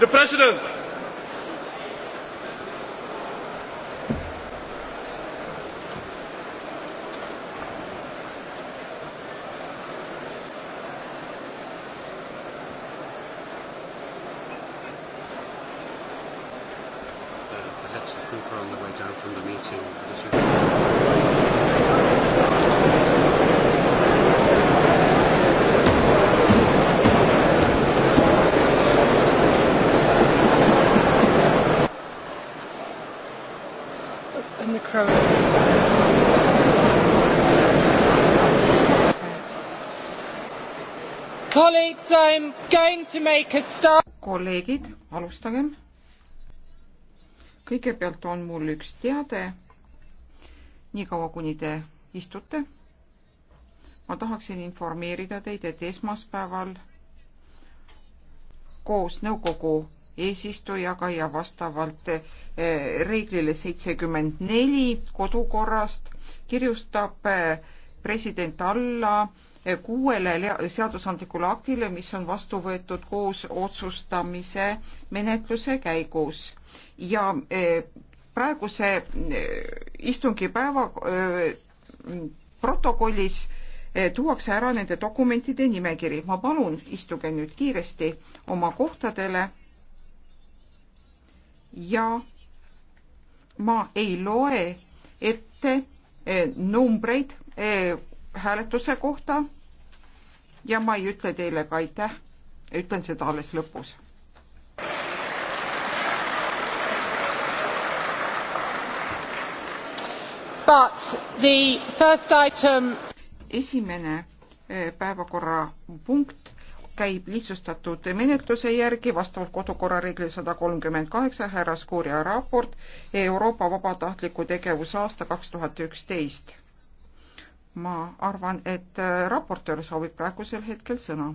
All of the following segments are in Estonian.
The President. Uh, perhaps the people on the way down from the meeting. in the crowd. Colleagues, I'm going to make a start. kolleegid, alustagem. kõigepealt on mul üks teade. niikaua, kuni te istute, ma tahaksin informeerida teid, et esmaspäeval koos nõukogu eesistujaga ja vastavalt eh, reeglile seitsekümmend neli kodukorrast kirjustab eh, president alla eh, kuuele seadusandlikule aktile, mis on vastu võetud koos otsustamise menetluse käigus ja praeguse istungi päeva protokollis tuuakse ära nende dokumentide nimekiri. ma palun, istuge nüüd kiiresti oma kohtadele ja ma ei loe ette eh, numbreid eh, hääletuse kohta ja ma ei ütle teile ka aitäh, ütlen seda alles lõpus Item... esimene eh, päevakorrapunkt käib lihtsustatud menetluse järgi vastavalt kodukorra reeglile sada kolmkümmend kaheksa härra Skuuria raport Euroopa vabatahtliku tegevuse aasta kaks tuhat üksteist. ma arvan, et äh, raportöör soovib praegusel hetkel sõna.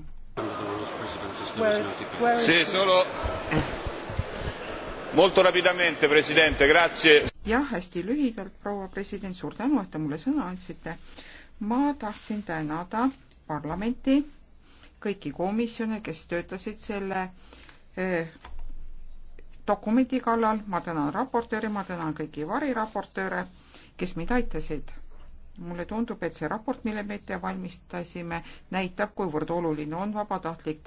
jah, hästi lühidalt, proua president, suur tänu, et te mulle sõna andsite. ma tahtsin tänada parlamenti kõiki komisjone, kes töötasid selle eh, dokumendi kallal, ma tänan raportööri, ma tänan kõiki variraportööre, kes mind aitasid. mulle tundub, et see raport, mille me ette valmistasime, näitab, kuivõrd oluline on vabatahtlik